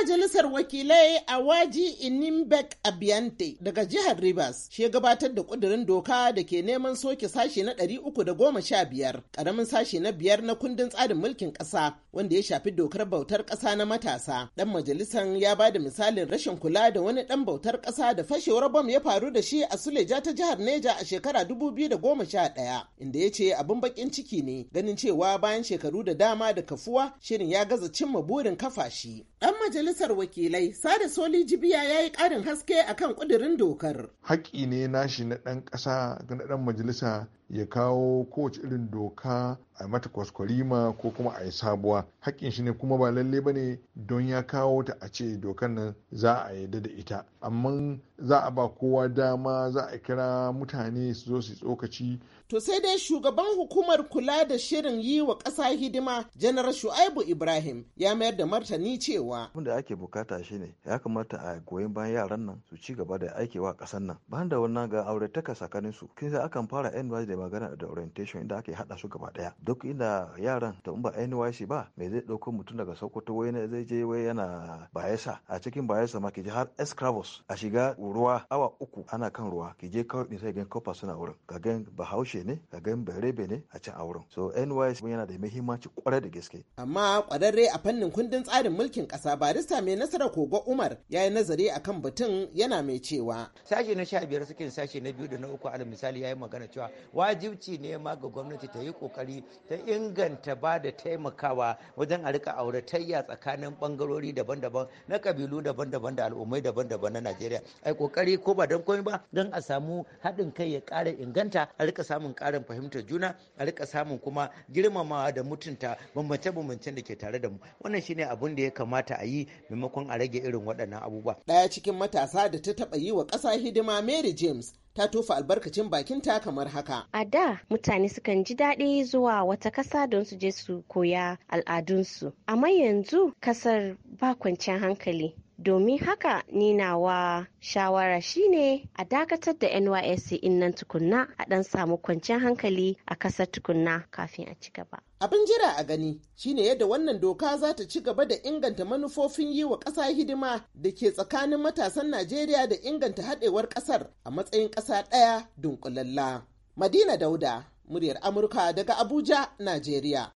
majalisar wakilai a Awaji Inimbek Abiyante daga jihar Rivers shi gabatar da kudirin doka da ke neman soke sashe na 315 karamin sashe na biyar na kundin tsarin mulkin ƙasa wanda ya shafi dokar bautar ƙasa na matasa. Dan majalisar ya ba da misalin rashin kula da wani dan bautar ƙasa da fashewar bom ya faru da shi a Suleja ta jihar Neja a shekara 2011 inda ya ce abin bakin ciki ne ganin cewa bayan shekaru da dama da kafuwa shirin ya gaza cimma burin kafa shi. Dan majalisar wakilai sada soli jibiya ya yi ƙarin haske akan ƙudurin dokar haƙƙi ne nashi na ɗan ƙasa na ɗan majalisa ya kawo kowace irin doka a mata kwaskwarima ko kuma a yi sabuwa hakkin shi ne kuma ba lalle ba ne don ya kawo ta a ce dokan nan za a yarda da ita amma za a ba kowa dama za a kira mutane su zo su tsokaci to sai dai shugaban hukumar kula da shirin yi wa ƙasa hidima janar shu'aibu ibrahim ya mayar da martani cewa abin da ake bukata shi ne ya kamata a goyon bayan yaran nan su ci gaba da aikewa kasan nan ba da wannan ga aure taka tsakanin kin kin akan fara yan da magana da orientation inda aka haɗa su gaba ɗaya duk inda yaran to in ba NYC ba me zai ɗauko mutum daga Sokoto wai ne zai je wai yana bayasa a cikin bayasa ma ki je har Escravos a shiga ruwa awa uku ana kan ruwa ki je kawai sai gan kofa suna wurin ka gan Bahaushe ne ka gan Berebe ne a can a wurin so NYC yana da muhimmanci kwarai da gaske amma kwararre a fannin kundin tsarin mulkin kasa barista mai nasara kogo Umar ya yi nazari akan batun yana mai cewa sashe na sha biyar sakin sashe na biyu da na uku a misali ya yi magana cewa wajibci ne ma ga gwamnati ta yi kokari ta inganta ba da taimakawa wajen a rika auratayya tsakanin bangarori daban-daban na kabilu daban-daban da al'ummai daban-daban na Najeriya ai kokari ko ba don komai ba don a samu haɗin kai ya ƙara inganta a rika samun ƙarin fahimtar juna a rika samun kuma girmamawa da mutunta bambance-bambancen da ke tare da mu wannan shine abun da ya kamata a yi maimakon a rage irin waɗannan abubuwa ɗaya cikin matasa da ta taɓa yi wa ƙasa hidima Mary James ta tofa albarkacin bakinta kamar haka. A da mutane sukan ji daɗi zuwa wata ƙasa don su je su koya al'adunsu. Amma yanzu ƙasar ba kwanciyar hankali. domin haka ni nawa shawara shine a dakatar da nysc in nan tukunna a dan samu kwanciyar hankali a kasar tukunna kafin a ci gaba abin jira a gani shine yadda wannan doka za ta ci gaba da inganta manufofin yi wa ƙasa hidima da ke tsakanin matasan najeriya da inganta haɗewar ƙasar a matsayin ƙasa ɗaya dunkulalla madina dauda muryar amurka daga abuja najeriya